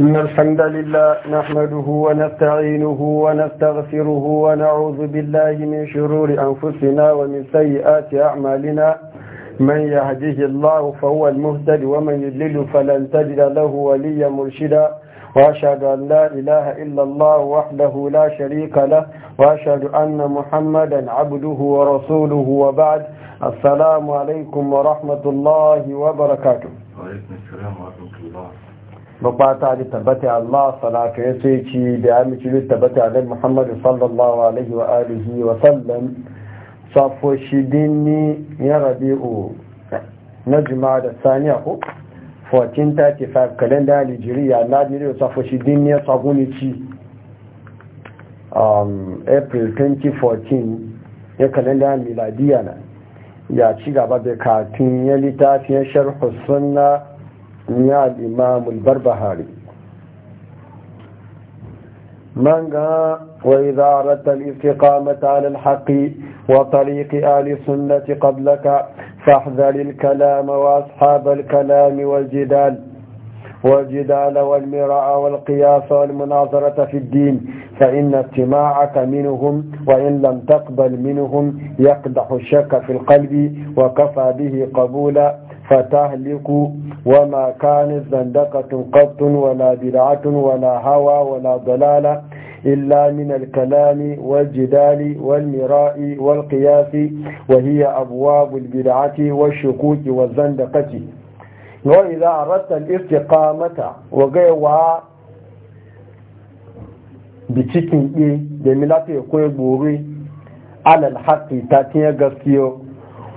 إن الحمد لله نحمده ونستعينه ونستغفره ونعوذ بالله من شرور أنفسنا ومن سيئات أعمالنا من يهده الله فهو المهتد ومن يضلل فلن تجد له وليا مرشدا وأشهد أن لا إله إلا الله وحده لا شريك له وأشهد أن محمدا عبده ورسوله وبعد السلام عليكم ورحمة الله وبركاته وعليكم mabata da tabbata Allah salatu ya ce ci da ya mici da tabbata da Muhammadu sallallahu alaihi wa alihi wa sallam safo shi dinni ya rabi'u na juma'a da saniya ko 1435 kalenda Nigeria na Nigeria safo shi dinni ya saguni ci um, April 2014 ya kalenda miladiya na ya ci gaba da katin ya ya sharhu sunna نياد إمام البربهاري barbahari من وإذا أردت الاستقامة على الحق وطريق أهل السنة قبلك فاحذر الكلام وأصحاب الكلام والجدال والجدال والمراء والقياس والمناظرة في الدين فإن اجتماعك منهم وإن لم تقبل منهم يقدح الشك في القلب وكفى به قبولا فتهلك وما كانت زندقة قط ولا بدعة ولا هوى ولا ضلالة إلا من الكلام والجدال والمراء والقياس وهي أبواب البدعة والشكوك والزندقة وإذا أردت الاستقامة وغيرها بشكل إيه بملاك يقول بوري على الحق تاتيه قصير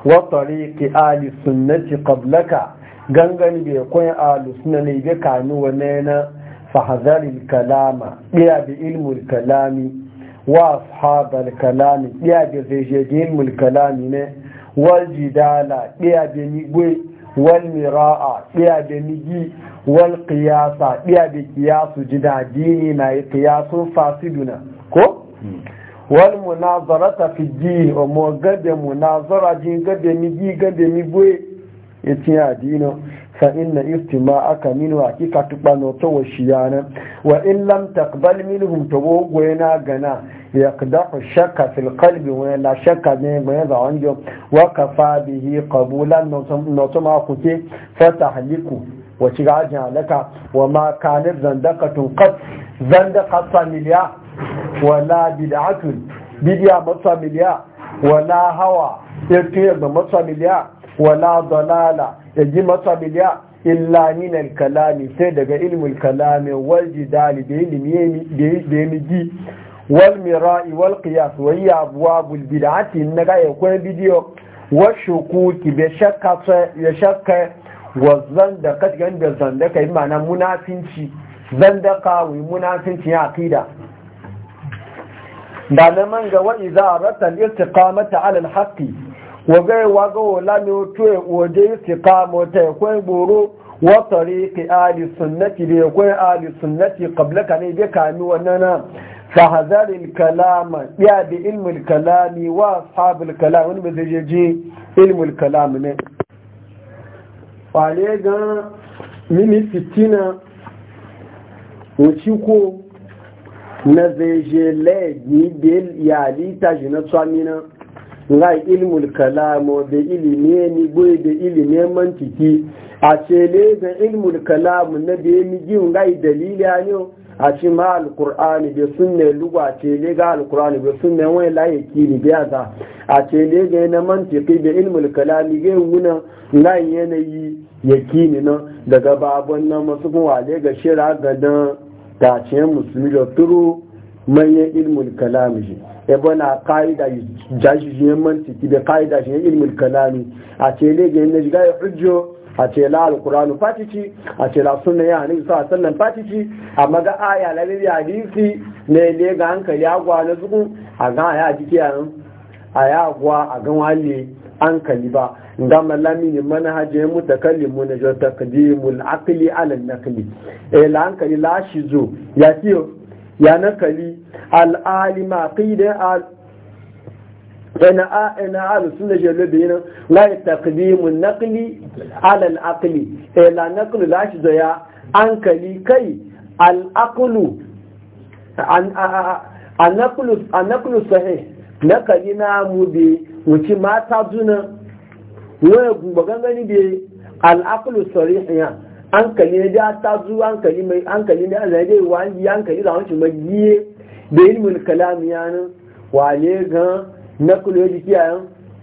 wa tariqi Ali sunnati qablaka gangan be koyan ahli sunna ne kanu wane na fahazaril kalama biya bi ilmul kalami wa ashabal kalami biya bi zejejin ilmul kalami ne wal jidala biya bi migwe wal mira'a biya bi migi wal qiyasa biya bi qiyasu jidadini na qiyasu fasiduna ko hmm. wal munazarata fi din wa mo gade munazara jin gade mi gi gade mi Dino. Sa'in adino fa inna istima'aka min wa kika tubano to wa shiyana wa in lam taqbal minhum to bo goyena gana yaqdahu shakka fil qalbi wa la shakka ne ba ya zanjo wa kafa bihi qabulan no to ma kuke fata haliku wa shiga alaka wa ma kanat zandaqatun qad zandaqatan familiya wala bid'atun bid'a matsamiliya wala hawa yake ga matsamiliya wala dalala yaji matsamiliya illa min al-kalami sai daga ilmul kalami wal jidali da ilimi da yimiji wal mira'i wal qiyas wa hiya abwabul bid'ati naga yakun bidiyo wa shukuki bi shakka ya shakka wa zandaka da zandaka ma'ana munafinci zandaka wa munafinci ya aqida da na man ga wa izarata ratan istiqamata ala al-haqqi wa gai wa ga wala ne to waje istiqamata e ko boro wa tariqi ahli sunnati bi e ko ahli sunnati qablaka ne bi kami wannan na فهذا الكلام يا بعلم الكلام واصحاب الكلام wani ba zai je ilmul kalam ne ga mini fitina wuci ko na zai je ya bil ta na tsamina ga ilmul kalamo da ilimi ni goyi da mantiki a le ga ilmul kalamu na da ya miji dalili a a ci ma alkur'ani da sunne lugwa a le ga alkur'ani da sunne wani layaki ni biya za a le ga na mantiki da ilmul kalami ga wuna ga yanayi yakini nan daga babon nan masu kuma wale ga shira ga dan ta ce musulmi da turu manyan ilmul kalami shi ebe na ka'ida jashi shi yan mantiki da ka'ida shi yan ilmul kalami a ce ne ga yin na shiga ya hujjo a ce la alkuranu fatici a ce la sunna ya hannun sa sallan fatici a maga aya na lili hadisi na ne ga hankali agwa na zuku a ga aya jiki a a ya agwa a gan wani hankali ba ga malamin manhajin mutakallimu na jo taqdimul aqli ala naqli eh la hankali la shi zo ya kiyo ya nakali al alima qida al ina a ina al sunna jalo bayina la taqdimun naqli ala al aqli eh la naqli la shi zo ya hankali kai al aqlu an an naqlu an naqlu sahih na kari na mu bi wuce mata juna waya gumba gangani be al'aqlu sarihiya an kali ne da ta zu an kali mai an kali ne Allah dai wa an kali da wancin magiye da ilmul kalam wa ne ga na kulo jiki yan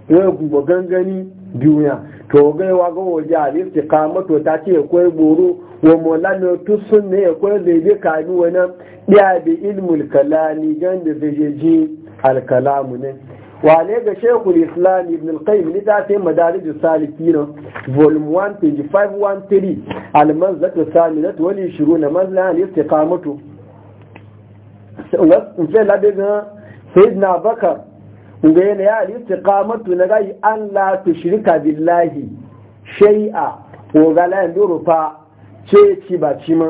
waya gumba gangani duniya to wa ga waje a istiqamatu ta ce akwai boro wa maulana tusun ne akwai zai bi kani wani ɗaya da ilmul kalami gan da zai alkalamu ne wale ga shekul islam ibn al-qayyim ni ta sai madarij salikin volume 1 page 513 al-manzat saminat wal 20 mazla al-istiqamatu sai be ga sayyidina bakar ga yana ya al-istiqamatu na ga an la tushrika billahi shay'a ko ga la ndurufa ce ci ba ci ma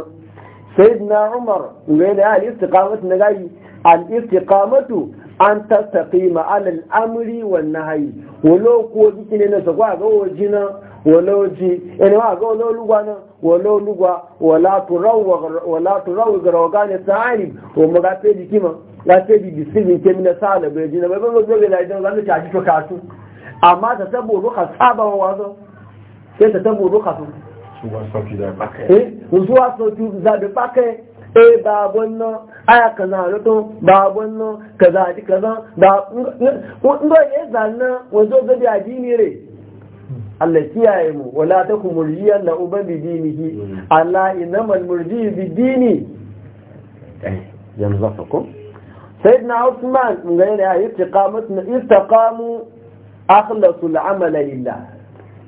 sayyidina umar ga yana ya al-istiqamatu na gai al-istiqamatu an tattaƙi ma'alin amri wannan hayi wani ko jiki ne na sa kwa ga waje na wolo ji ene wa ga wani lugwa na wani lugwa wala turawu ga rawa gane ta hari wani ga sai jiki ma ga sai bi bisibin ke mina sa da bai jina na bai ba ga da idan zan ta ji to kasu amma ta tabo ruka saba wa wazo sai ta tabo ruka su suwa sauki da bakai eh, suwa sauki da bakai eh babon nan aya kaza to babon nan kaza ji kaza ba ndo ya zanna wazo zabi addini re Allah kiyaye mu wala takum murjiyan la uba bi dinihi ala inamal murji bi dini eh, yanzafakum sayyidina Uthman ngai ne ayi istiqamat istaqamu akhlasul amala lillah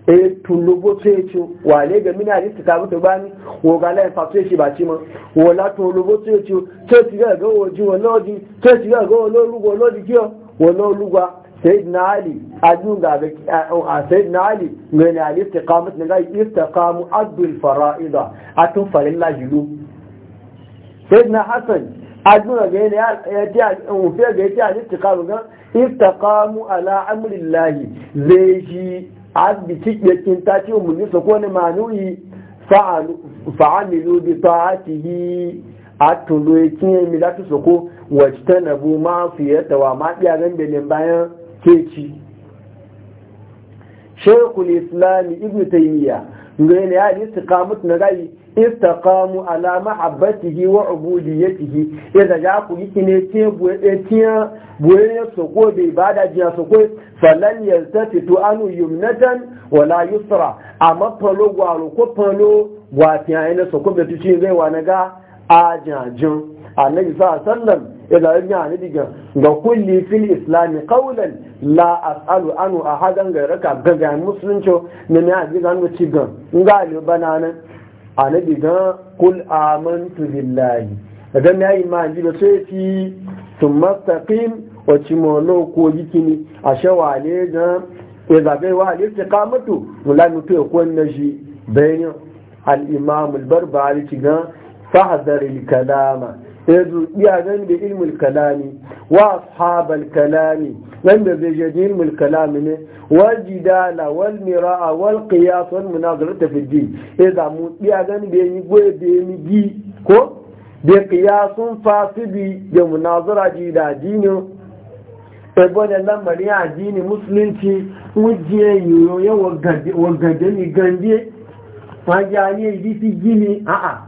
e tulubo tsoyeci wale ga mina hadisi ta mutu bani wo ga lai e fa tsoyeci ba ci ma wo la tulubo tsoyeci tsoyeci ga ga woji wo lodi tsoyeci ga ga wo lorugo lodi kiyo wo lorugwa sayyidina ali ajun ga ga sayyidina ali ngani ali istiqamat ne ga istiqamu adul fara'ida atun falilla jilu sayyidina hasan ajun ga ne ya ti mu fi ga ti ala amrillahi zai ji abdi cikin kinta ce mu nisa ko ni manuyi fa'amilu bi ta'atihi atulu yakin mi lati soko wajtanabu ma fiyata wa ma diyaran belin bayan keci shaykhul islam ibnu taymiya ngai ne ya istiqamatu na gai istaqamu ala mahabbatihi wa ubudiyatihi idza ja ku yiki ne ce buya soko so ibada jiya soko ko falan fito anu yumnatan wala yusra amma polo gwaro ko polo gwati ayina so ko be tuci ngai wanaga ajajin annabi sa sallam idza yanya diga ga kulli fil islam qawlan la as'alu anu ahadan gairaka ga ga musulunci ne ne a diga an ci ga ngali bananan annabi ga kul amantu billahi daga na yi ma ji da sai fi sun mastaqim wa cimolo ko jikini a shawale ga ya e zagai wa alifta kamatu mula mutu ya kwanna shi bayan al-imam al-barbari ci ga fahdar al-kalama yanzu iya zan da ilmul kalami wa ashabal kalami wanda zai je ilmul kalami ne wal jidala wal mira'a wal qiyas wal munazarata fi din ya zamu mu iya zan da yi goye da yi gi ko da qiyasun fasidi da munazara ji da dinin ebo da lamarin addini musulunci wujiye yoyo ya wagade ni gande ma ya ne yi fi gini a'a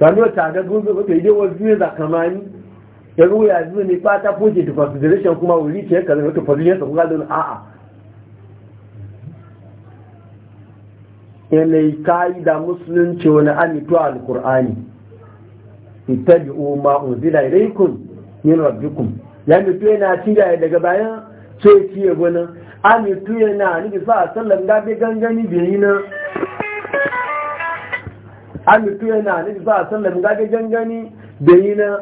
sami wata ga gunzo wata idai wasu ne zakamani ya ruwa ya zuwa ne fata foke da consideration kuma wuri ce ka zai wata position sa kuma don a'a yanayi kayi da musulunci wani amitu al-qur'ani ittabi'u ma unzila ilaykum min rabbikum ya mutu yana cinga daga bayan sai ciye gona amitu yana ni a sallan gabe gangani biyi na an mutu yana nufi sa sallam gage gangani da yi na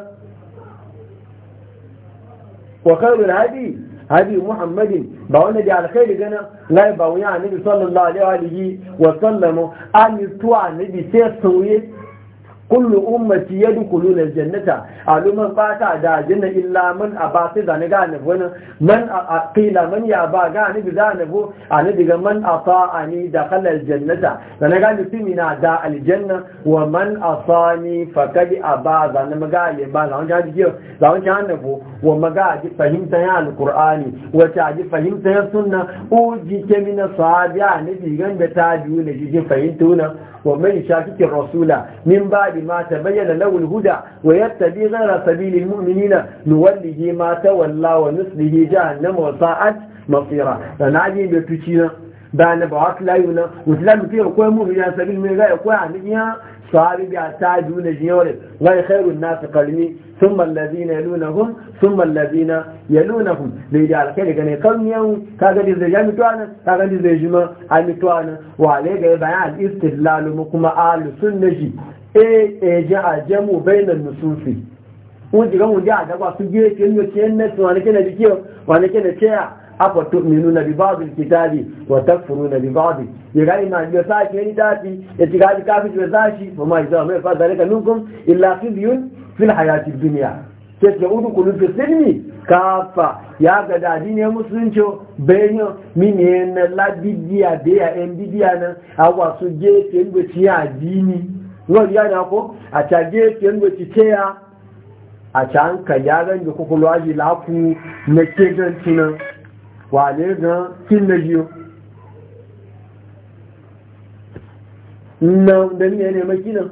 wakarun hadi hadi muhammadin ba wanda da alkhairi gana lai ba wuya nufi sallallahu alaihi wa sallam an mutu a nufi sai sauye kullu ummati yadkhuluna aljannata aluman fata da jinna illa man abati da ne ga ne wannan man aqila man ya ba ga ne da ne bo ani diga man ata'ani dakhala aljannata da ne ga mutumi na da aljanna wa man asani faqad aba da ne maga ya ba da wanda ji da wanda ne bo wa maga ji fahimta ya alqur'ani wa ta ji fahimta ya sunna o ji ke min sahabi ne diga da ta ji ne ji fahimtuna wa man shakiki rasula min ba بعد ما تبين له الهدى ويتبع غير سبيل المؤمنين نوله ما تولى ونصله جهنم وساءت مصيرا فنعجي بتشينا بان بعث لا يونا وسلام فيه قوي مؤمن سبيل من غير قوي عنيا صارب بيعتادون جيور غير خير الناس قلمي ثم الذين يلونهم ثم الذين يلونهم ليجعل كده كان يقوم يوم كاغا دي زي متوانا كاغا دي زي جما متوانا وعليه بيان الاستدلال مكما آل سنجي eji ajemu bainan nususi wọ́n ti rán jẹ́ àdágbà fún bí èké ní oṣù ẹ̀nẹ́sì wọn níkẹ́ nàbí kí wọn níkẹ́ nà kí àpọ̀tò mìínú nàbí báàbì kìtàbì wọ̀tẹ́ fòrò nàbí báàbì ìrá ìmà ẹni dáàbì ya gada adíniyar musulunci bayan mini da ya yan bidiya nan a wasu gefe ń wani yana ko a tage fiyan da cike ya a can ka gyaran da kuku lwaji lafu na ke gan tunan wane na kin na biyu na da ni ne ma kinan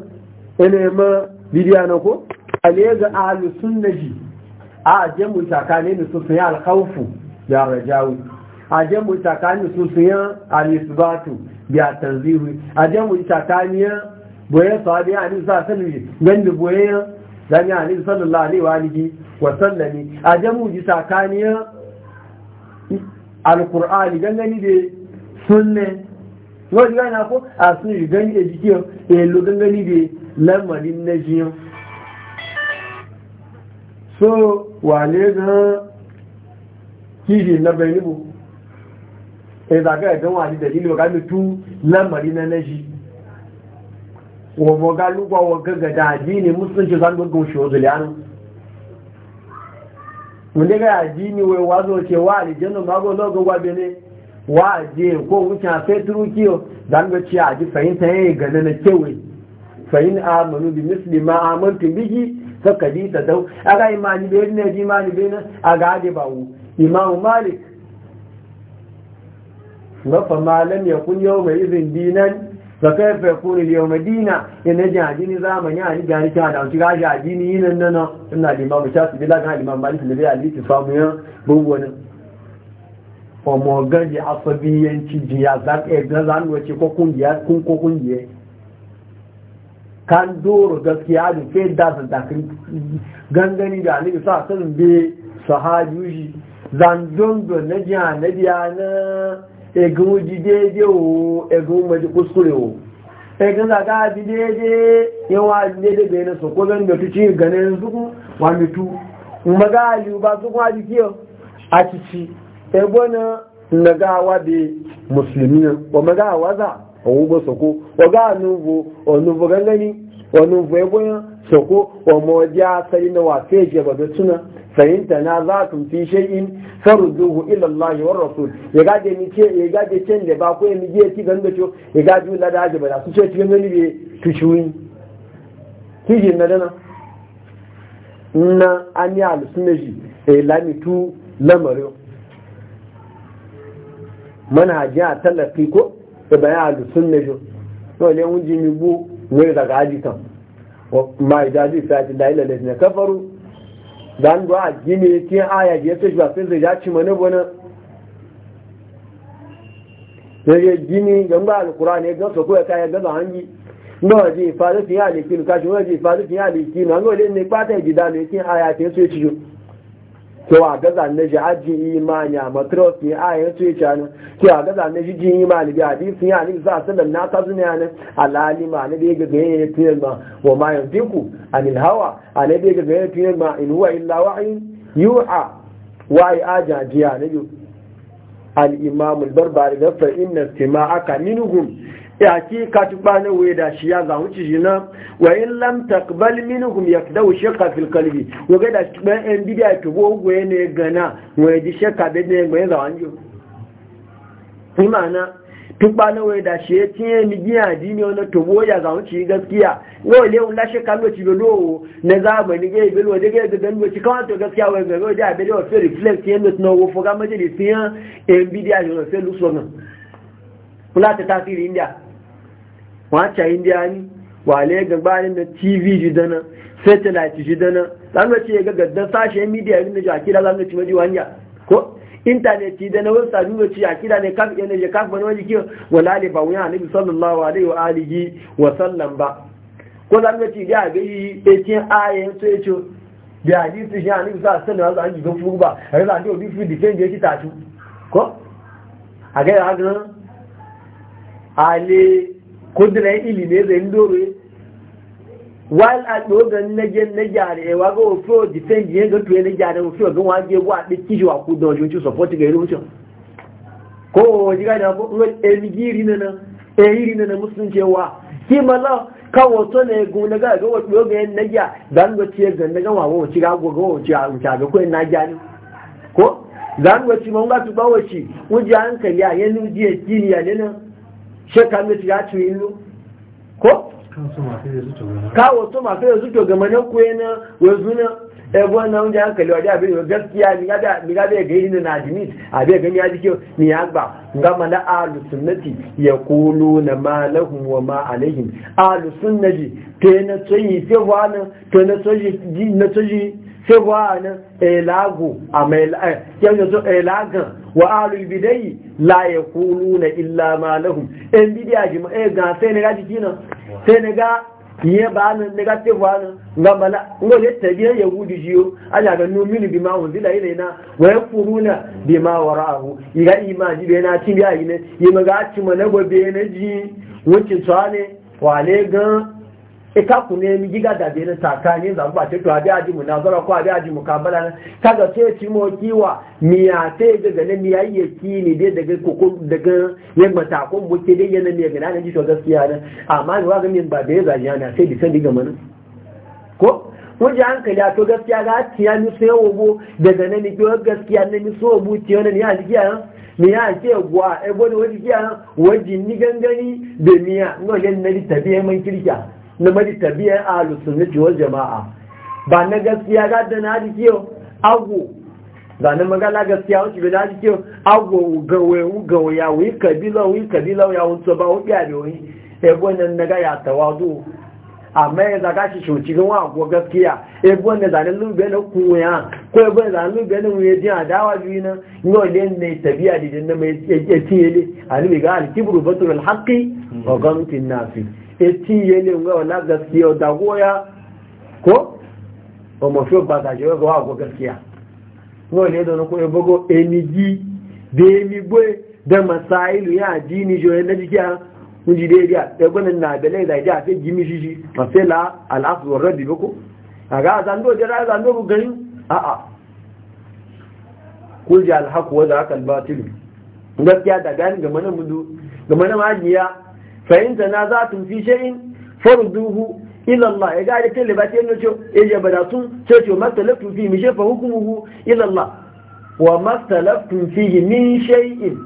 ne ma bidiya na ko ale ga ahlu ji. a jamu takane ne su sun yi alkhawfu ya rajawi a jamu takane su sun yi alisbatu ya tanzihu a jamu takane boye sahabi ani sa sallami ganda boye dan ani sallallahu alaihi wa alihi wa sallami jamu ji sakaniya alqur'ani gangani de sunne no gani na ko asun gangani de jikiyo e lo gangani de lamarin najiyo so wale ga kiri na bayinu e da ga ga wani dalili ba ga mutu lamarin na najiyo wa boga lugwa wa gaga da addini musulunci zan gugu shi wa zuliyanu wanda ga addini wai wazo ce wa aljanna mago zo gwa bene wa aje ko wuce a sai turukiyo zan ga ci aji fahimta ya yi ga na kewe fa'in amanu bi misli ma amantu bihi fakadi ta dau aga imani be ne ji imani be a ga ade bawo imam malik wa fa ma lam yakun yawma idhin dinan فكيف يكون اليوم دينا ينجع ديني زامن يعني جاني كان او تجاجع ديني يننا ان الامام الشافعي بلا كان الامام مالك اللي بيع ليت فامي بوونه ọmọ gani asabiyanci jiya na zanuwa a ko kungiya kun ko kungiya kan gaskiya da fe da su takin gangani da ni sa sun be sahajuji zandon na jiya na egun ojú déédé o egun mọ̀jú kúskúrè o egun zaga ajú déédé yíwá ajú déédé bẹ̀rẹ̀ sọ̀kọ́ bẹ̀rẹ̀ mẹ́tú tí gẹ̀rẹ̀ zukun wà mẹ́tú mọ̀gá ajú zukun ajú kí ọ àtìsí ẹgbọ́n na mọ̀gá wa bẹ mùsùlùmí na ọmọgá àwázà òun bọ́ sọ̀kọ́ ọgá gangani ọ̀nùvo فإن تنازعتم في شيء فردوه إلى الله والرسول يقعد يمشي يقعد يشن لباكو يمشي يتي غندشو يقعد يقول لا داعي بلا سوشي يتي غندني بي تشوين تيجي مدنا na an yi alusunaji a eh, lamitu lamarin manhajin a tallafi ko da bayan alusunaji yau ne wunji mi bu ne daga ajikan ma idaji sa ti da ilalai na kafaru dan do a gine ke aya je to ba sai zai ci mana bona sai gini gamba alqur'ani ga so ko ya ga hangi náà di ìfàdófin àlèkínú káṣùwọ́n na ìfàdófin àlèkínú àwọn olè na pátẹ̀ ìdìdánù tí àyà tí so tó ìṣíjú to a gaza na shi aji imani a matros ne a yin su yace nan to a gaza na shi jin imani bi hadisin ya ni za sallam na ta zuna nan alalima ne da ga ganye ne tiyar ma wa ma yantiku anil hawa ne da ga ganye tiyar ma in huwa illa wa'in yuha wa'i ajajiya ne al'imamu barbari da fa'in na sima aka minuhun ya ki katuba na waye da shi ya zahu ci shi na wayin lam takbal minuhum ya da wuce kafin kalbi waga da shi ɗan yan bidiya ki bo gwaye ne gana waye di shekka bai ne gwaye zawon yi imana tun ba na wai da shi ya tiye ni giya dini wani tobo ya zamu ci gaskiya yau le un lashe kallo ci do lowo na zamani ga ibil wa daga ga dan ci kawai to gaskiya wai ga wai da bele wa fe reflect yanda no wo foga majali siya en bidiya da fe lu so kula ta tasiri india wa cha india ni wa le ga bayan na tv ji dana satellite ji dana zamu ci ga gaddan sashen media ne da akira zamu ci maji wanya ko intaneti da na wasa duba ci a kira ne kafin yana je kafin wani wajen kiyo wala ne ba wuya nabi sallallahu alaihi wa alihi wa sallan ba ko za mu ci da ga yi etin ayen to echo da su shi anabi sallallahu alaihi wa sallam an gigan fuba har da dio bifu defend yake tatu ko a ga ya ga ale ilimin ilime zai ndore while a ɗoga na gyara ewa ga ofo defend yin ga tuwe na gyara ofo ga wa je wa ɗi kishi wa ku don shi support ga irin mutum ko ji ga da ko emigiri na na ehiri na na musulunci wa ki ka wato ne na ga ga wa na gyara dan ga ce ga na ga wa wa ci ga go a wuta ga ko na gyara ko dan ga tu a yanu je ne na ga ko kawo to masu yanzu to ga manan kuwa na yanzu na ebuwa na wunje hankali wajen abin gaskiya ni ga bai gani na admit abin gani ya jike ni ya ba gama na alusunnati ya kulu na ma wa ma alaihim ta yi na tsoyi sewa na te na tsoyi sewa na elago a mai yanzu wa alul bidai la yaquluna illa ma lahum en bidiya jima e eh, ga sai ne ga jikina sai ne ga ye ba nan ne ga te wani ga bala ngo le tabiya yahudi jiyo ala ga no minu bima unzila ilaina wa yaquluna bima wara'ahu iga imani be na cin biya ne yi ga ci na gobe ne ji wucin tsane wale gan ita ku ne mi giga da bene takani za ku ba ce to abi aji mu nazara ko abi aji mu kabala na kaga ce ci mo kiwa mi ya te daga ne mi yayi ki ni dai daga ku ko daga yamma ta ko mu ke dai yana ne gana ne ji to gaskiya ne amma ni waga min ba da ya zaji yana sai di diga mana ko mun ji hankali a to gaskiya ga tiya ni sai wobo daga ne ni ko gaskiya ne ni so bu tiya ne ni a jiya ya ce gwa ebo ne wajen kiya wajen ni gangani da miya ngolin na di tabiya man kirkiya na mai tabiyar ahlus sunnati wal jama'a ba na gaskiya ga da na ji kiyo ago ba na magana gaskiya wasu bi na yau, kiyo ago gawe gawe ya wi kabila wi kabila ya wuce ba wuɗi a wi ebo nan na ga ya tawadu amma ya zaga shi shoci gan wa go gaskiya ebo ne zanen lube na kuya ko ebo ne zanen lube na wuye jin adawa biyu na yau ne ne tabiya da na mai yake tiyele ani ga alkibru batul al ga gwamnatin nafi etiye ne ga wala gaskiya da goya ko o mo fi ba da jewa wa go gaskiya no ne da ko ebogo eniji de mi gbe da masailu ya dini jo ne dikiya kunji de dia e gonan na bele da dia fe jimi jiji fa fe la al afd wa rabbi boko aga zan do jira zan do gani a a kul ja al haqq wa za al batil gaskiya da gani ga mana mudu ga mana majiya Fahimta na za tun fi shayin farduhu ila Allah ya gari kan libati yana ce eh, ya jaba da sun ce ce mastalaftu fi mi shefa hukumuhu ila Allah wa mastalaftu fi min shay'in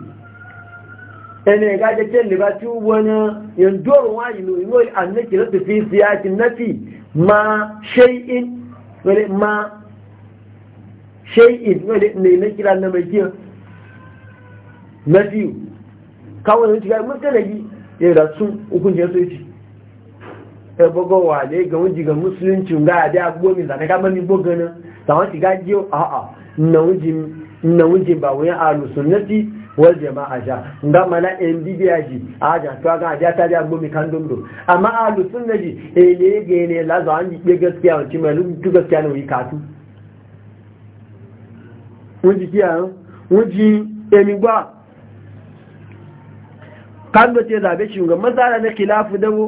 ene ya gari kan libati wani yanzuwar wani no imo annaki na tafi siyakin fi ma shay'in wani ma shay'in wani ne na kira na mai kiyan nafi kawai yanzu ga mutanagi ya da sun hukunci ya soci ya bugo wa da ga wunji ga musulunci ga da abubuwa mai zane gaba ni bugo nan zaman shiga jiyo a a na wunji ba wani alu sunnati wal jama'a ja nga mana en bibiya ji a ja to ga ja ta ja gomi kan dondo amma alu sunnati e ne ge ne la ji gaskiya tu gaskiya kiya kan ce zabe shugaban tsara na kilafu dawo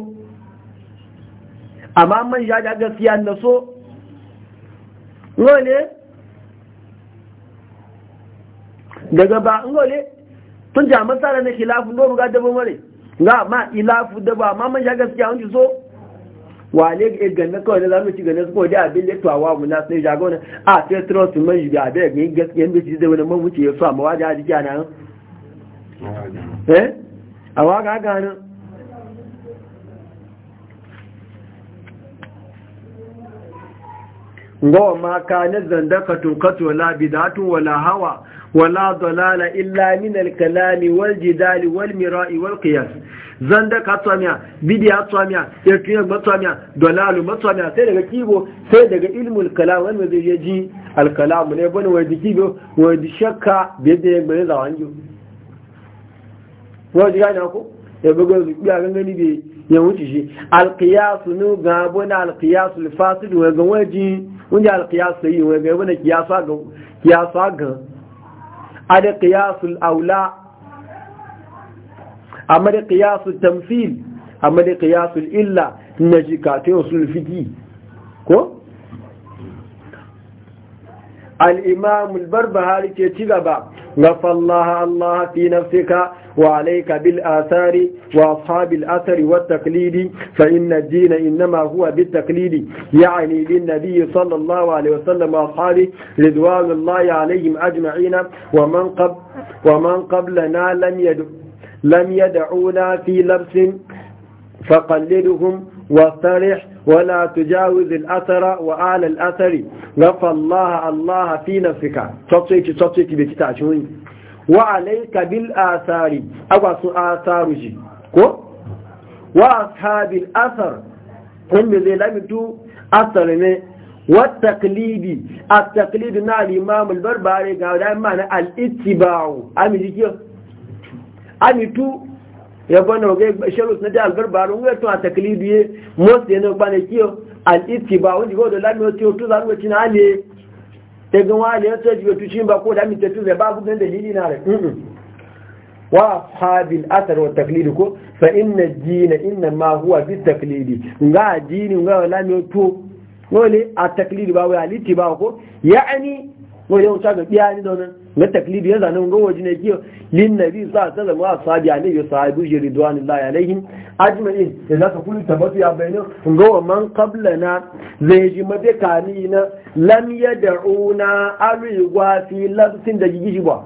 amma man ya ga gaskiya na so ngole daga ba ngole tun ja man tsara na kilafu do ga dabo mare ga ma ilafu dabo amma man ya gaskiya wani so wale ga e ganna kawai da zamu ci ganna ko da abin da to awa na sai ja gona a sai trust man yi ga da gaskiya ne ci da wani mun ci ya so amma waje a jiki ana eh a ga ganin gawa ma kanin zandaka tukatu wala bidatu wala hawa wala dalala illa min alkalami wal jidali wal mira'i wal qiyas zandaka tsamiya bidiya ya yakiyar matsamiya dalalu matsamiya sai daga kibo sai daga ilmul kalam wanda zai al alkalamu ne bane wai dikibo wai shakka bai da yagbe zawanjo wọ́n ti gane ko ya buga su biya gan gani ya wuce shi alqiyasu nu ga bona alqiyasu alfasid wa ga waji wanda alqiyasu yi wa ga bona qiyasa ga qiyasa ga ada aula amma da qiyasul amma da illa na ko الإمام البربهاري كتغبا غفى الله الله في نفسك وعليك بالآثار وأصحاب الأثر والتقليد فإن الدين إنما هو بالتقليد يعني للنبي صلى الله عليه وسلم وأصحابه رضوان الله عليهم أجمعين ومن, قبل ومن قبلنا لم, يدعونا في لبس فقلدهم واصطرح ولا تجاوز الاثر وعلى الاثر غفى الله الله في نفسك تطيك تطيك بكتاشوني وعليك بالآثار أقوى آثارك وأصحاب الأثر هم ذي لمتو أثر والتقليد التقليد مع الإمام البربري قال معنى الاتباع أمي جي أمي تو ya bane ga sharus na da albarbaru ga to a taklidiye most yana bane kiyo al ittiba wanda go da lamiyo to to zan wuce na ale te ga wa to ji to shin ba ko da mi te to ba bu dan dalili na re wa ashabil athar wa taklidi ko fa inna ad-din inna ma huwa bi taklidi ga dinin ga lamiyo to wale a taklidi ba wai al ittiba ko ya'ani ko yau ta ga biya ni da wannan na taklibi yanzu nan ga waje ne kiyo lin nabi sa ta zama ashabi ne ya sahabu ji ridwanullahi alaihim ajma'in idan ka kullu tabatu ya bayyana kun ga man qablana zai ji mabe kani na lam yad'una alwa fi labsin da gigi ba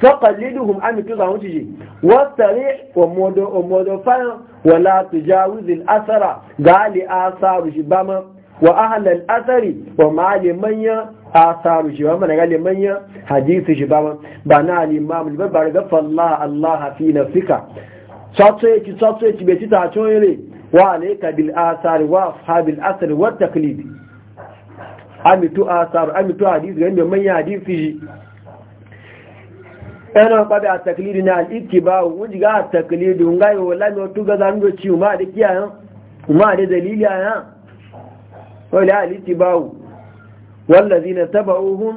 faqalliduhum am tuzahu ji wasari wa modo wa modo fa wala tujawiz al-athara gali asaru ma. wa ahla al wa ma'ali manya asaru shi ba قال ga limanyan hadisi shi ba ba na alimamu ba ba Allah fi nafsika tsatsoye ki tsatsoye bai ci tacon yare wa alayka bil asari wa ashabil asari wa taklid amitu kwabe a taklidi na al'iki ba wuji ga a taklidi nga yi wala mai otu ga zan ci a da kiyayen umar da dalili a yan wala al'iki wu والذين تبعوهم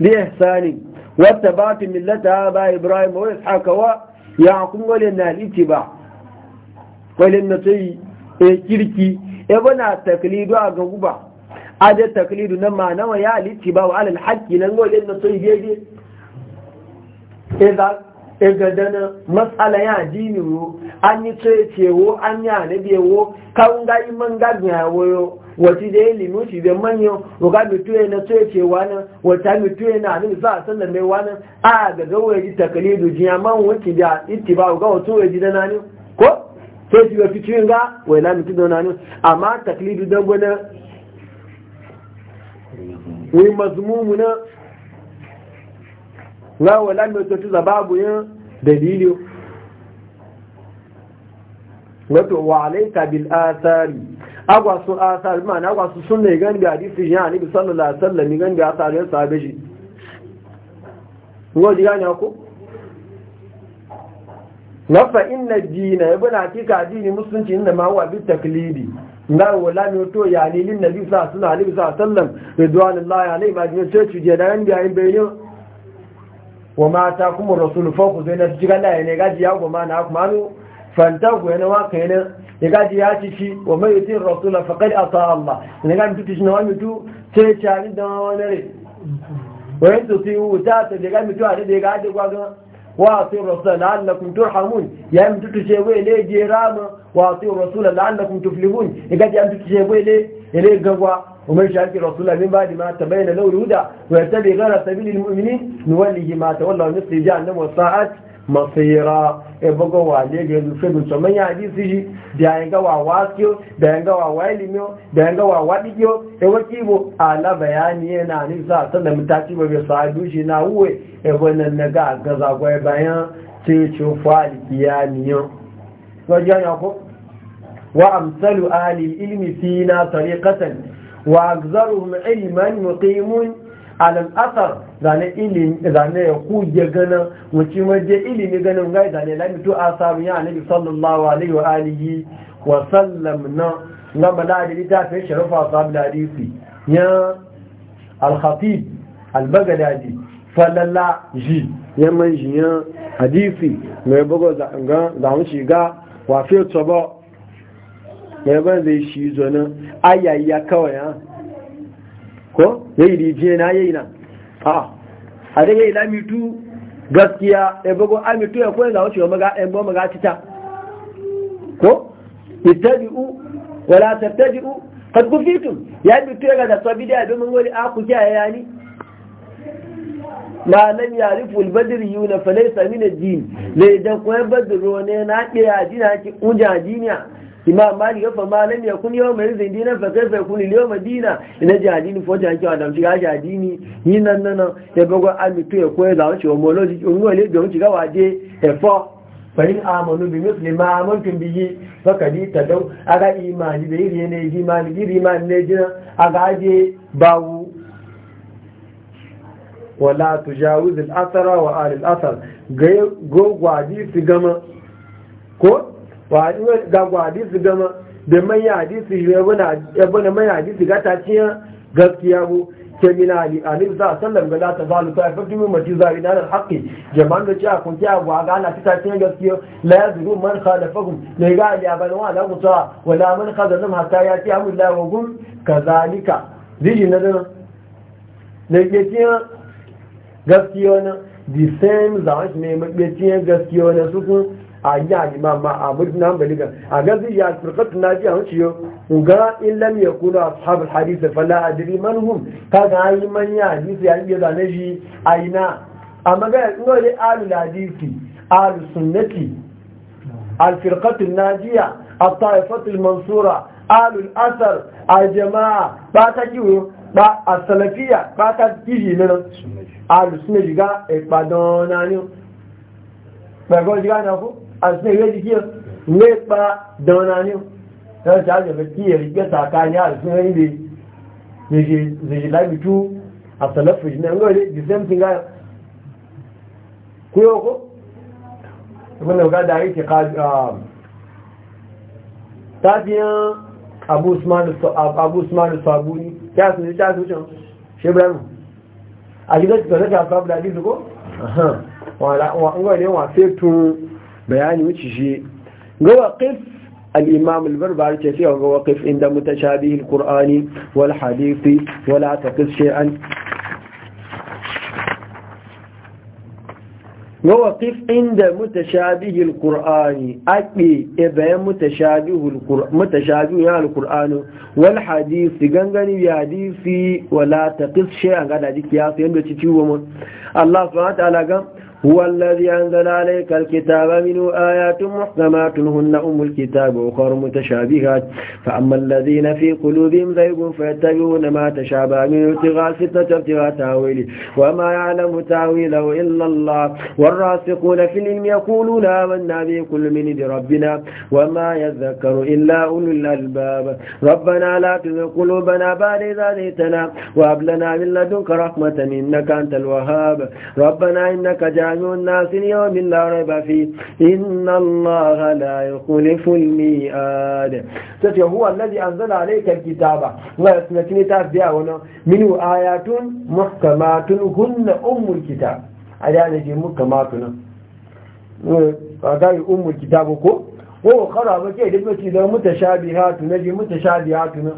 بإحسان واتبعت ملة آباء إبراهيم وإسحاق ويعقوب ولنا الاتباع ولنا تي كيركي ابنا تقليد أقوبا هذا تقليد نما نما يا الاتباع على الحق نقول لنا تي بيجي إذا egadana matsala ya dini wo an yi tsaye wo an yi anabe wo kan ga iman wo yo wace da ya limu shi da manyan waka mutu ya na tsoye ce wani wata mutu na nufi za a da mai wani a ga gawo ya ji da jiya man wuce da ittiba ga wato ya ji da nani ko sai ji wafi ciwon ga wai na mutu da nani amma takalidu don gwana wai mazmumu na na wala mutu ta zababu yin dalilin wato wa alaika bil asari agwasu su asar ma na agwa su sunne gan ga hadisi ya ni sallallahu alaihi wasallam gan ga asar ya sahabe shi ngo diga nya ko na fa na dina ibn hakika dini musulunci inda ma wa bit taklidi na wala ne to ya ni lin na nabi sallallahu alaihi wasallam ridwanullahi alaihi ma ne ce ci je da yan biyayen bayan wa mata kuma rasulun fokus ku zai na jiga la ne gaji ya kuma na kuma fantaku yana waka yana ya gaji ya ci shi wa mai yutin rasula faƙar a sa Allah yana gaji tuti shi na wani mutu sai cani da wani rai wani su su wuta ta da gaji mutu a da ya gaji gwaga wa su yi rasula la'allakum turhamun ya yi mutu ce bai ne je rama wa su yi rasula la'allakum tuflihun ya gaji ya mutu ce bai ne ne gagwa ومن شاكي رسول من بعد ما تبين له الهدى ويتبع غير سبيل المؤمنين نوليه ما تولى ونصر جهنم والساعات masira e wa wale ge yanzu sai dutse man ya hadisi shi da ya ga wa wasiyo da ya ga wa mio da ya ga wa yo e bo ala bayani yana e ni za ta da mutaci ba sa du shi na uwe e bo na ga ga zagwai e bayan sai ce ni yo so ya ko wa amsalu ali ilmi na tariqatan wa akzaruhum ilman muqimun alal asar zane ilimi zane ya kuje gana wuce je ilimi ganin gai zane lamitu asaru ya nabi sallallahu alaihi wa alihi wa sallam na gaba da ta fi sharafa sabu da hadisi ya al-khatib al-bagdadi falala ji ya manji ya hadisi mai bugu zaun shiga wafe tsoba mai ban zai shi zonin ayayya kawai ko yayi rijiye na yayi na a a da yayi lamitu gaskiya e bago amitu ya ko wasu cewa maga e bo maga cita ko ittabi'u wala tattabi'u qad kufitum ya bi ga da sabida ya domin wani a ku kiyaye yani ma lam ya'rifu al-badri yuna falaysa min ad-din le dan ko badro ne na kiyaye jina ki unja jiniya. imam mali ya fama lam yakun yawma izin dinan fa kaifa yakun al yawma dina ina ji hadini fo jan kiwa dan shiga hadini Ni nan nan ya bago ami to ya koyi da wuce mo lo ji ungo le don shiga waje e fo farin amanu bi misli ma amantum bihi fakadi tadaw aga imani da iri ne mali iri imani ne jina aga aje bawu wala tujawuz al athara wa al athar gogwaji su gama ko wa ga hadisi gama da manyan hadisi yabana manyan hadisi gata ciyan gaskiya bu kemina ali alif za sallam ga lata zalu ta fa kimi mati zari nan haqqi jama'an da cewa kun kiya wa ga Allah ta cikin gaskiya la yazuru man khalafahum ne ga ali abana wa la musa wa la man khazalum hatta yati amul la wa gum kazalika diji na da ne ke cikin gaskiya na the same zan ne mabe cikin gaskiya na su kun a yi a imam ma a mulkin hanbali ga a gazi ya turkatu na ji a wuce yau ga illam ya kuna ashabul hadisi fala adri manhum kaga ayi manya hadisi ya yi zane shi e na. a magana in wani alul hadisi alul sunnati الفرقة الناجية الطائفة المنصورة آل الأثر الجماعة باتجيو با السلفية باتجيجي لنا آل السنة جيغا إقبادونا نيو بقول جيغا نفو àti ìwé jíjí nípa dandan ní ẹ̀rọ tí a jẹ̀fẹ̀ kí ẹ̀rí gbẹ́ta ká ní àìsàn ilé zèjì láìbí tú àtàlẹ́fù ìjìnà ń gbọ́dé the same thing ayọ̀ kú yóò kó ìpínlẹ̀ ọ̀gá abu usman sabu bayani wuce shi ga waƙif al’imam albarbar ke cewa ga waƙif inda muta shabihin ƙur'ani wal hadithi wal atakis shi'an ga waƙif inda muta ƙur'ani aƙi ibayen muta shabihin ya al’ur'ani wal hadithi gangani ya hadithi wal gada jikiya su yadda ci ciwo mun Allah su wa alaƙa. هو الذي أنزل عليك الكتاب منه آيات محكمات هن أم الكتاب وأخر متشابهات فأما الذين في قلوبهم زيب فيتبعون ما تشابه من ارتغاء ستة ارتغاء تاويله وما يعلم تاويله إلا الله والراسقون في العلم يقولون آمنا به كل من ذي ربنا وما يذكر إلا أولو الألباب ربنا لا تزغ قلوبنا بعد إذا ذيتنا وأبلنا من لدنك رحمة إنك أنت الوهاب ربنا إنك جاء جامع الناس يوم لا ريب فيه إن الله لا يخلف الميعاد ستي هو الذي أنزل عليك الكتاب ويسمتني تابعون منه آيات محكمات هن أم الكتاب على نجي محكماتنا فقال أم الكتاب كو وهو خرابك يدبتي لو متشابهات نجي متشابهاتنا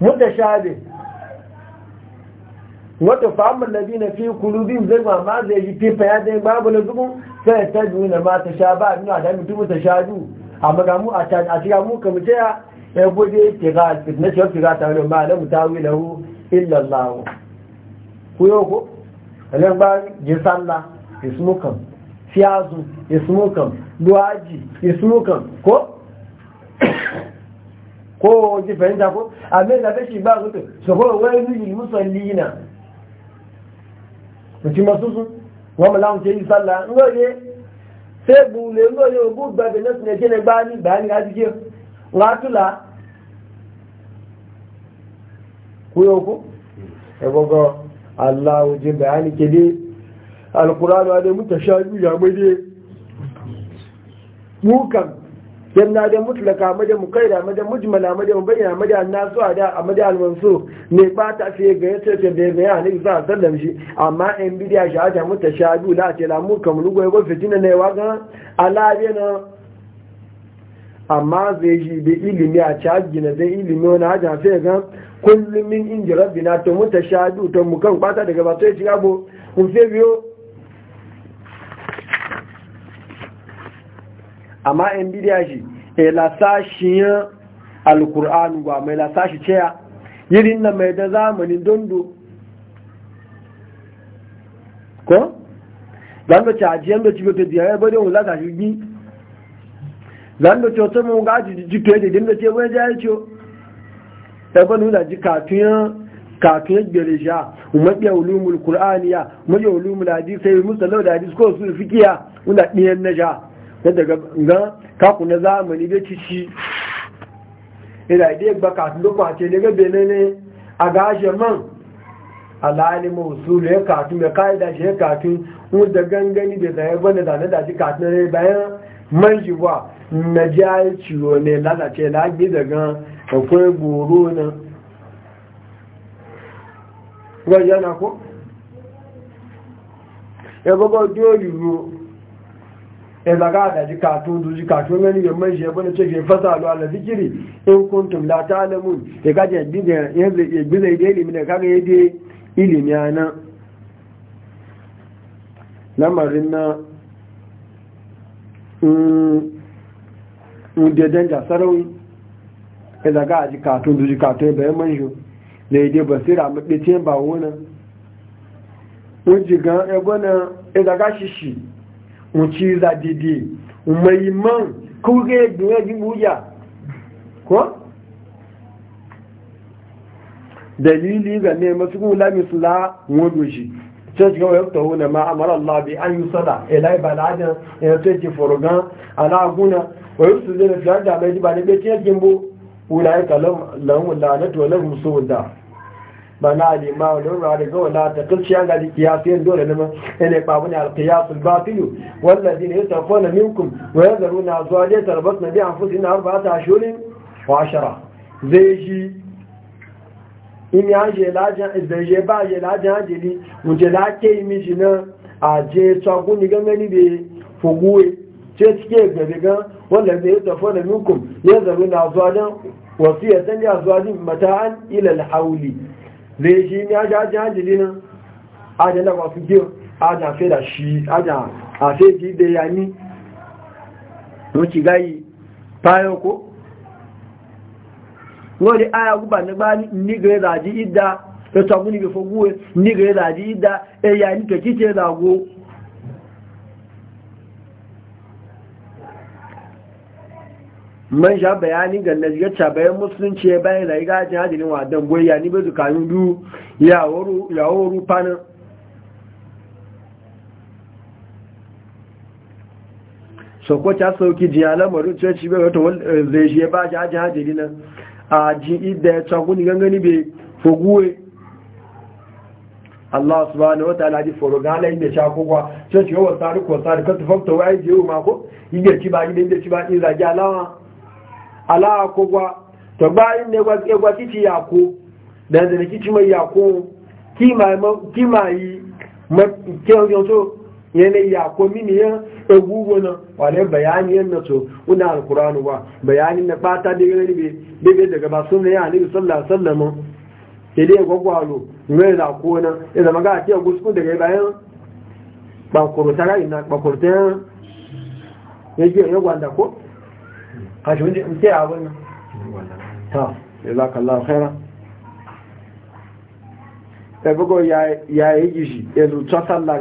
متشابه wata famun da zina fi kulubin zai ma ma zai yi fifa ya zai babu na zubu sai ta juna ma ta sha ba nuna da mutum ta sha du a magamu a cikin mu ka ta ya gode tira na ce tira ta wani ma na mutawi na hu illallahu ku yau ko anan ba ji sallah ismukan fiyazu ismukan duwaji ismukan ko ko ji fahimta ko amma da kashi ba su ko wani yi musallina òtí mọ́ tuntun wọ́n mọ̀ láwọn ṣe yí sálà ńlọ́yẹ ṣéègùn lè ńlọ́yẹ ogún gbàgbẹ́ náà sì lè jẹ́ nígbà ní ìgbà ní adíjẹ́ wọn á túlà kú ẹgbọ́gọ́ aláwòjẹ́ bẹ̀rẹ̀ Yan na da mutlaka madan mukaida madan mujmala madan mubayyana madan nasu ada a madan almansur ne ba ta fi ga yace ce da ga ya ne a sallam shi amma in bidiya muta shadu la ce la mu kamar goyi go fitina ne wa ga ala yana amma zai ji da ilimi a caji na zai ilimi wani hajjan sai ga kullum min inji rabbina to shadu to mu kan kwata daga ba sai shiga bo kun sai biyo amma in bidiya shi e la sashiyan alkur'an ba mai la sashi ceya yirin na mai da zamanin dondo ko zando ci ajiyar da ci bai tafiya ya e bari wula ta shirgi zando ci wata mun ga ji ji to yadda dinda ce wani jayar ce ya bani wula ji katuyan katuyan gbere sha umarɗiya ulumul kur'aniya umarɗiya ulumul hadisai musallau da hadis ko su fikiya wula ɗiyan na sha da daga ga kaku na zamani da kici ina da ba ka tun ba ce daga benene a gashe man alali mausul ya katu mai kaida shi ya katu mu da gangani da zai bane da da ji katu ne bayan man jiwa na jayi ciwo ne lalace lagi daga akwai goro na wajen ko ya bago dole إذا قاعد أجكاتو دوزكاتو من يمن جيبون تشكي فسألوا على ذكري إن كنتم لا تعلمون يقاعد يجبين يدي من يقاعد يدي إلي ميانا لما رنا mudadden jasarawi ya zaga a jikatun da jikatun bayan manjo da de basira maɗace ba wunan wajigan egonan ya zaga shi. wuci za didi mai man kuge gina jibuya ko? dalili ga ne masu kula misla wudu shi sai shiga wayar taho na amara Allah bi an yusala ilai balada ya sai ke furugan alaguna wayar su zai da fiye da mai jiba ne be tiyar gimbo ulai kalam lahum la natu lahum rusu بنادي ما ولون على قول لا تقل شيئا الذي قياسين دون لما إن بابنا القياس الباطل والذين يتوفون منكم ويذرون أزواجه تربطنا بأنفسنا أربعة أشهر وعشرة زيجي إن يجي لاجا زيجي با يلاجا جلي وجلا كي مجنا أجي تقولني كمني بفقوي تشكي بيجا والذين يتوفون منكم يذرون أزواجه وصية لأزواجهم متاعا إلى الحول zai shi ne aji aji hanjili nan aji lagwa su giyo aji afe da shi aji afe ji ya ni wuce gayi tayo ko na gbani ni gare da nke idda man sha bayanin ga najiga ca bayan musulunci ya bayan da iga ajin hajjinin wadan goyi ya bai su kayan biyu yawon rufanin sokoca sauki jiya lamarin ce ci bai wata eh, zai shi ya ba shi ajin hajjini nan a ji idda ya can kuni gangani bai foguwe Allah ba na wata alaji foro ga halayen da sha kogwa ce yawon tsari ko tsari tufafta wa aiki yau mako yi ci ba yi ci ba yi zagi alawa ala ko gwa to bayin ne gwa ke gwa kici ya ko da da kici mai ya ko ki yi ki ma ke yo to ne ya ko mini ya egugo na wale bayani yan to una alqur'anu wa bayani na fata da gani be be daga ba sunna ya ni sallallahu alaihi wasallam ke dai lo ne da ko na idan e ga ke guskun daga bayan ba ko ta ga ina ba e ko ta yake yagwanda ko kashi wanda in sai a wannan ta jazaka Allah khaira ta bugo ya yi gishi ya zuci sallah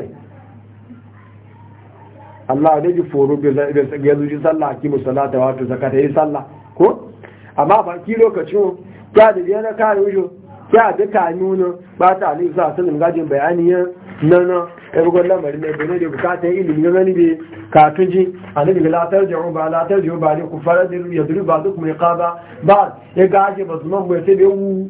Allah da ji foro ya zuci sallah ki musalata wato zakata yi sallah ko amma ba ki lokacin ya da biyar na kare wujo ya da kanuna ba ta alisa sallam gajin bayani na ya bugon lamarin mai bane da bukatar ilimin ya zani bai katun ji a nabi ga latar jiru ba latar jiru ba ne ku fara da ya duru ba duk mai kaba ba ya gaje ba su man bai sai bai wu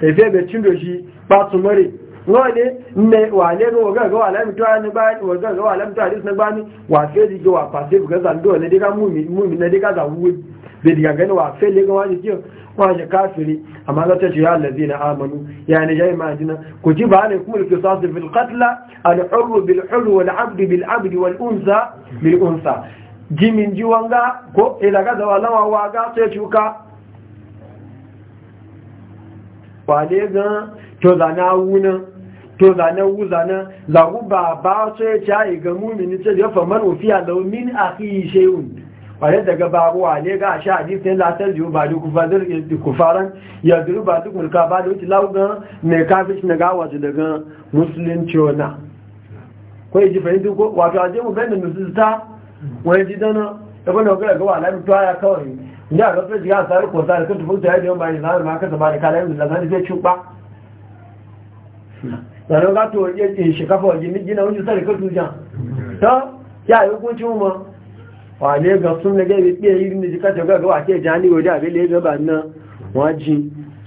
sai sai bai cin doshi ba su mare wale ne wale ga waga ga wala mi ne ba wa ga wala mi tuwa ne ba ni wa sai ji ga wa fa sai ga zan dole dai ga mu mi mu ne dai ga za wu bai diga gani wa fai lega waje kiyo wani kafiri amma za ta ce ya allazina amanu ya ne jai majina ku ji ba ne kuma bil sa al hur bil hur wal abdi bil abdi wal unsa bil unsa jimin ji wanga ko ilaga da walawa waga sai wa wale ga to zana wuna to zane za ku ba ba sai ta ga mumini ce ya fa man ufiya da min akhi shay'un ɓare daga baruwa ne ga sha hadisun latar yiwu ba duk kufaran yadda ba duk mulka ba da wuce laugan mai kafin na gawa su daga musulunci wana yi ji fahimtar ko wato aje mu ganin ta wani ji dana ɗaba na gara gawa alamun tuwa ya kawai ni a gasar a tsari ko tsari kan tufu ta yadda yawan bayan zanar ma kasa ba da kalayin da zanar zai cuɓa zanen gato ya shi kafa wajen gina wajen tsari kan tujan ta ya yi hukuncin mu wàlẹ́ gan súnmọ́ gẹ́gẹ́ pé yìí ní ti kàtàkì ọgbà àti ẹ̀já ní ìwòdí àbílẹ̀ gọ́bà náà wọ́n jí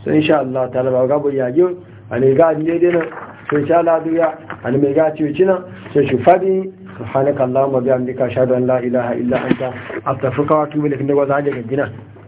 so inṣàlá tààlàbà ọgábò yàjò àlègá àdílédé náà so inṣàlá àdúyà la ilaha illa wa